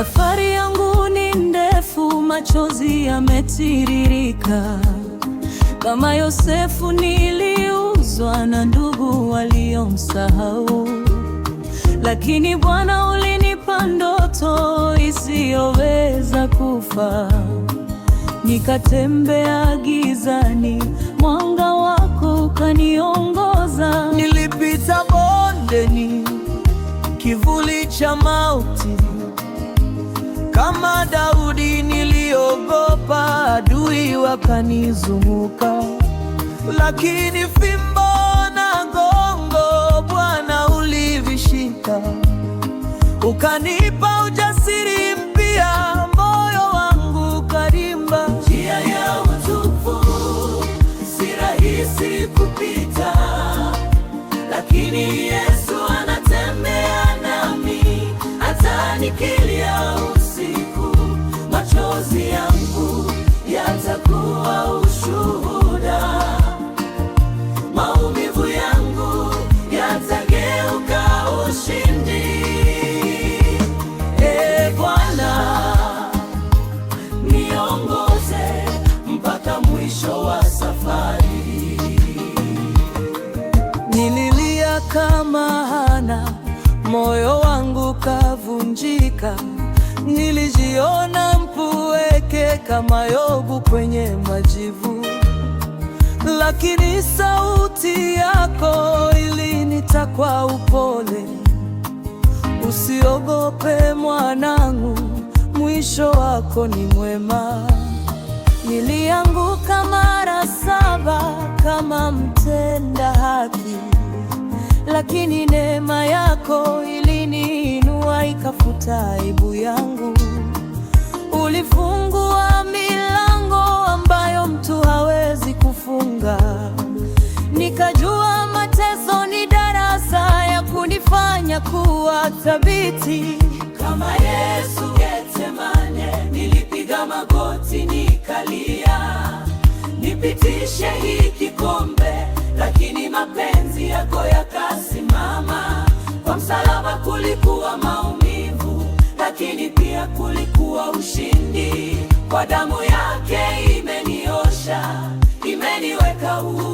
Safari yangu ni ndefu, machozi yametiririka. Kama Yosefu niliuzwa na ndugu waliomsahau, lakini Bwana ulinipa ndoto isiyoweza kufa. Nikatembea gizani, mwanga wako kanio Kama Daudi niliogopa, adui wakanizunguka, lakini fimbo na gongo Bwana ulivishika, ukanipa ujasiri mpya, moyo wangu karimba. Njia ya utukufu si rahisi kupita, lakini Yesu anatembea nami hata moyo wangu kavunjika, nilijiona mpweke kama Yobu kwenye majivu, lakini sauti yako ilinita kwa upole, usiogope mwanangu, mwisho wako ni mwema. Nilianguka mara saba kama mtenda haki lakini neema yako iliniinua ikafuta aibu yangu. Ulifungua milango ambayo mtu hawezi kufunga, nikajua mateso ni darasa ya kunifanya kuwa thabiti kama Yesu Getsemane. Nilipiga magoti nikalia, nipitishe hii kikombe wa ushindi, kwa damu yake imeniosha, imeniweka huru.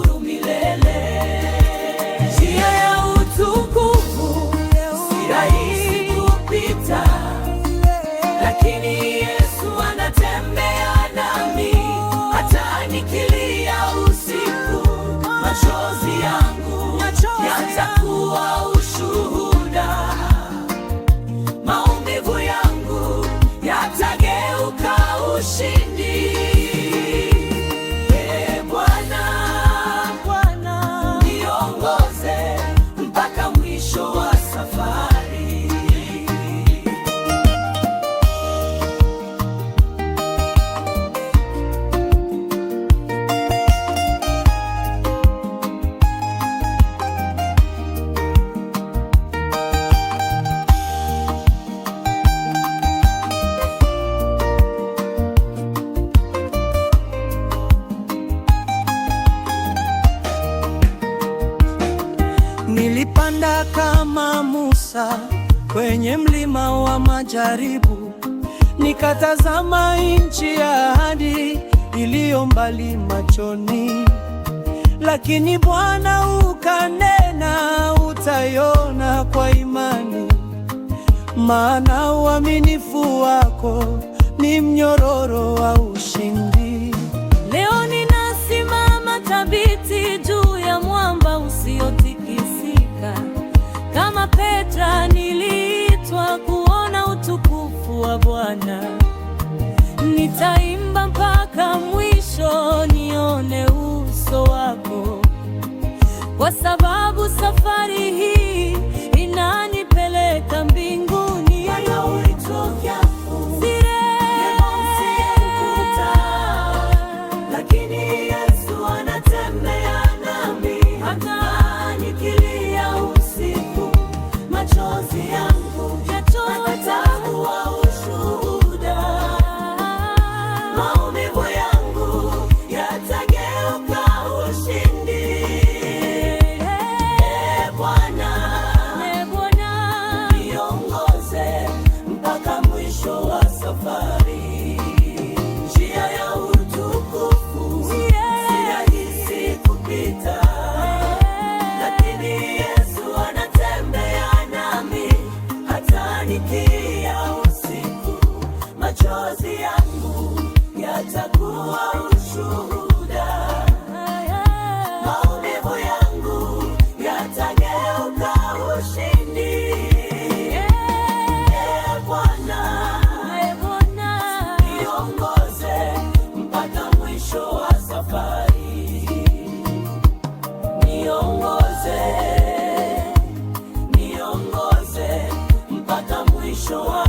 kama Musa kwenye mlima wa majaribu, nikatazama nchi ya ahadi iliyo mbali machoni, lakini Bwana ukanena, utaiona kwa imani, maana uaminifu wako ni mnyororo wa ushindi. Leo ninasimama thabiti juu ya mwamba What's up? show up.